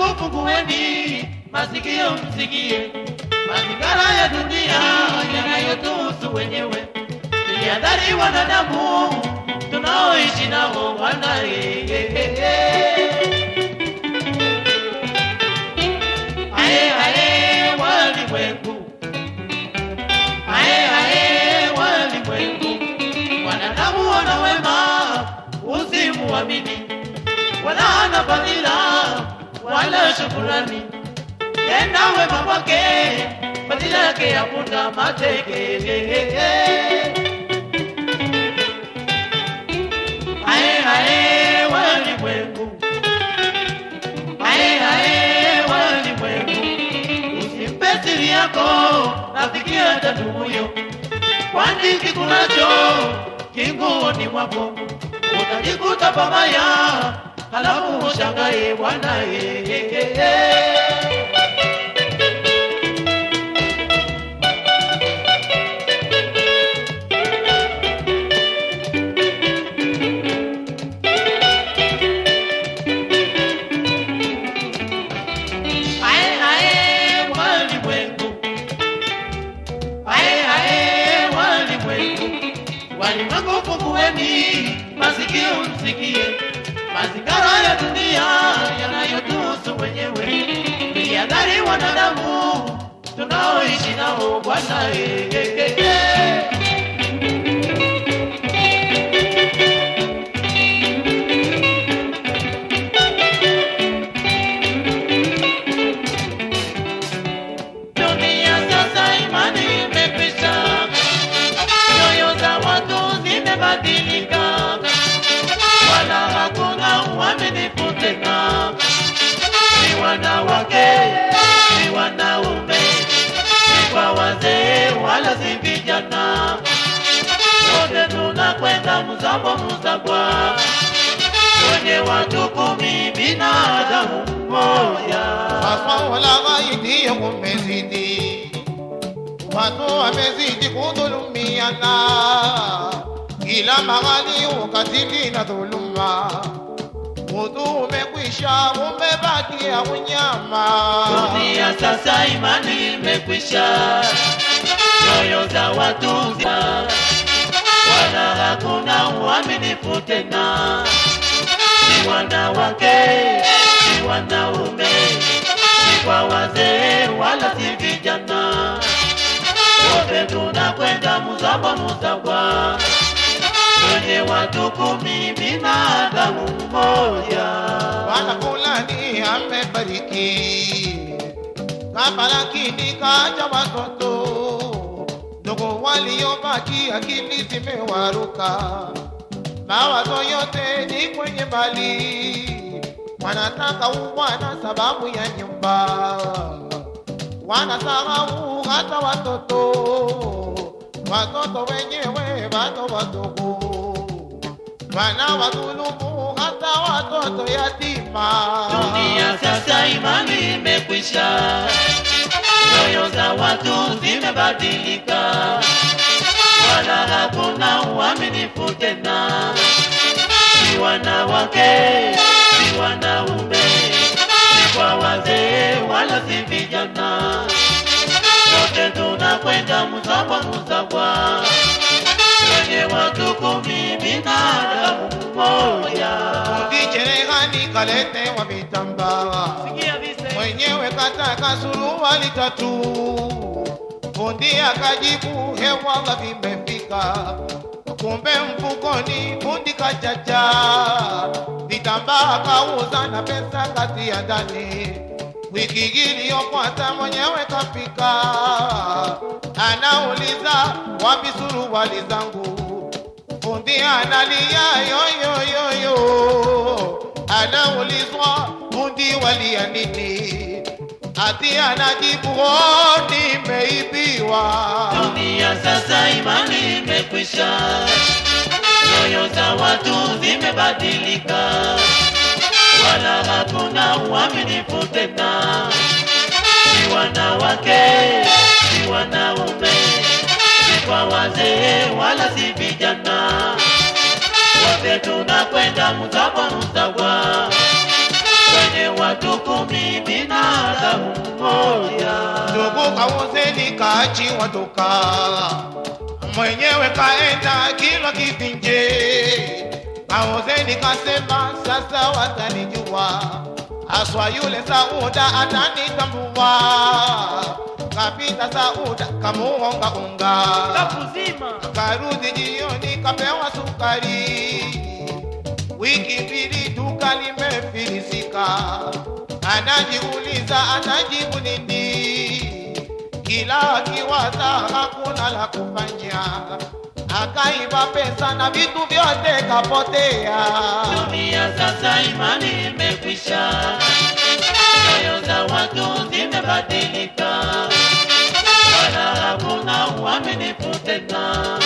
Mungu masikio msikie mazingara ya dunia yanayotuhusu wenyewe, tujiadhari wanadamu tunaoishi nao wanadamu wana usimuamini, wala fadhila wala shukurani. Tena wema wake fadhila yake hakuna matekele. Ae ae yako kwani kikunacho kinguoni mwako utajikuta pabaya alafu ushangae bwana walimwengu fungueni masikio msikie mazingara ya dunia yanayotuhusu wenyewe, ni yadhari wanadamu tunaoishi nao Bwana. wanawake si wanaume, si kwa wazee wala si vijana, wote tunakwenda mzambo mzabwa kwenye watu kumi binadamu moja. Sasa wala umezidi, watu wamezidi kudhulumiana kila mahali, ukatili na dhuluma udhu umekwisha, umebakia unyama. Dunia sasa imani imekwisha, nyoyo za watu zina wala hakuna uaminifu tena, ni wanawake, ni wanaume, ni kwa wazee wala si vijana, wote tunakwenda muzaba muzabwa wote watu kumi binadamu mmoja. Bwana fulani amefariki, baba lakini kaja watoto ndogo waliobaki, akili zimewaruka, mawazo yote ni kwenye mali, wanataka ubwana sababu ya nyumba, wanasahau hata watoto watoto wenyewe bado wadogo wanawadhulumu hata watoto yatima. Dunia sasa imani imekwisha, nyoyo za watu zimebadilika, wala hakuna uaminifu tena, si wanawake, si wanaume, si kwa wazee wala si vijana, tunakwenda muzabwa muzabwa wenye watu kumi binadamu mmoja. Kundi cherehani kaletewa vitambaa, mwenyewe kataka suruali tatu. Fundi akajibu hewala vimefika, kumbe mfukoni fundi kachacha. Vitambaa kauza na pesa kati ya ndani wiki iliyofuata mwenyewe kafika, anauliza wapi suruali zangu? analia yoyoyoyo anaulizwa mundiwalia nini ati anajibu oh, nimeibiwa dunia sasa imani imekwisha nyoyo za watu zimebadilika wala hakuna uaminifu tena ni wanawake ni wanaume ni kwa wazee wala si vijana wote tunakwenda mkama mtagwa kwenye watu kumi binadamu mmoja. Ndugu kauzeni kachi watoka mwenyewe kaenda kilo kipinje nje. Kauzeni kasema sasa watanijua aswa yule Sauda atanitambua, kapita Sauda kamuonga unga kakuzima, karudi jioni kapewa sukari, wiki mbili duka limefilisika, anajiuliza atajibu nini? Kila akiwaza hakuna la kufanya, akaiba pesa na vitu vyote kapotea sasa imani imekwisha, nyoyo za watu zimebadilika, wala hakuna uaminifu tena.